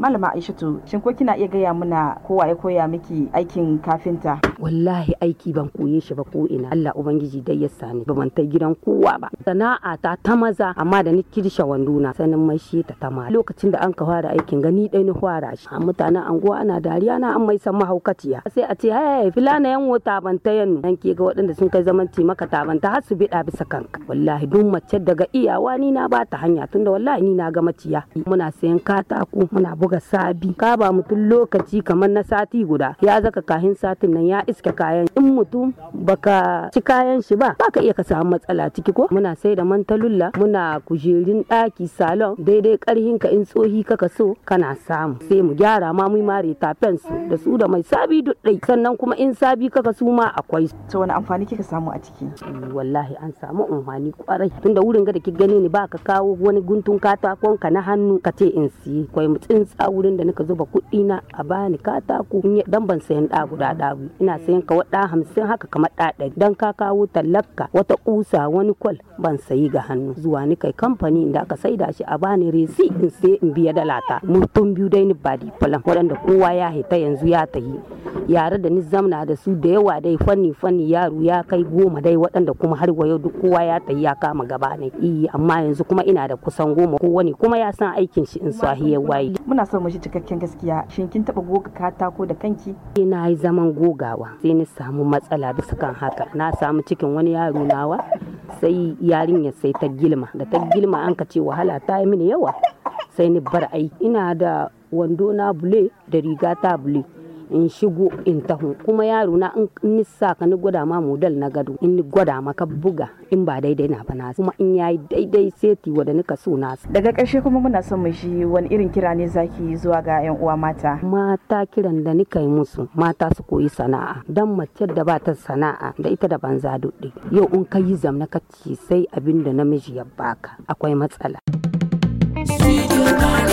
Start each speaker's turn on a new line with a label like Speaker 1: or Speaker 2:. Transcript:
Speaker 1: malama aishatu shin ko kina iya gaya mana kowa ya koya miki aikin kafinta wallahi aiki ban koye shi ba ko ina Allah ubangiji dai ya sani ba ban ta gidan kowa ba sana'a ta ta maza amma da ni wando na. sanin mai shi ta tama lokacin da an ka fara aikin gani dai ni fara shi A mutanen anguwa ana dariya na an mai san mahaukaciya sai a ce hey filana yan wata ban ta yannu dan ke ga waɗanda sun kai zaman ci maka taban ta har su bida bisa kanka wallahi duk mace daga iyawa ni na bata hanya tunda wallahi ni na ga maciya muna sayan katako muna buga sabi ka ba mutum lokaci kamar na sati guda ya zaka kahin satin nan ya iska kayan in mutum baka ci kayan shi ba baka iya ka samu matsala ciki ko muna sai da mantalulla muna kujerun ɗaki salon daidai karhin ka in tsohi kaka so kana samu sai mu gyara ma mu mare tafen su da su da mai sabi duɗai sannan kuma in sabi kaka su ma akwai to wani amfani kika samu a ciki eh, wallahi an samu amfani kwarai tunda wurin ga da ki gane ni ba ka kawo wani guntun katakon ka na hannu ka ce in siye kwai mu tsintsa wurin da nika zuba kuɗi na a bani katako dan ban sayan ɗa guda ina sayan ka waɗa hamsin haka kamar ɗaɗa ɗari dan ka kawo tallaka wata kusa wani kwal ban sayi ga hannu zuwa ni kai kamfani da aka saida shi a bani resi in sai in biya dala ta mutum biyu dai ni ba falan waɗanda kowa ya hita yanzu ya tahi yare da ni zamna da su da yawa dai fanni fanni yaro ya kai goma dai waɗanda kuma har wayo duk kowa ya tahi ya kama gaba ne eh amma yanzu kuma ina da kusan goma ko wani kuma ya san aikin shi in sahiya waye muna so mu shi cikakken gaskiya shin kin taɓa goga katako da kanki ina eh, yi zaman gogawa sai ni samu matsala bisa kan haka na samu cikin wani yaro nawa sai yarinyar sai ta gilma da ta gilma an ka ce wahala ta yi mini yawa sai ni bar aiki ina da wando na bule da riga ta bule in shigo in taho kuma yaro na in nisa ka ni gwada ma model na gado in ni gwada maka buga in ba daidai na ba na kuma in yayi daidai wada ni ka so na daga karshe kuma muna son mu shi wani irin kira ne zaki zuwa ga yan uwa mata mata kiran da ni yi musu mata su koyi sana'a dan mace da ba ta sana'a da ita da banza duddi yau in ka yi zamna ka ci sai abin da namiji ya baka akwai matsala Studio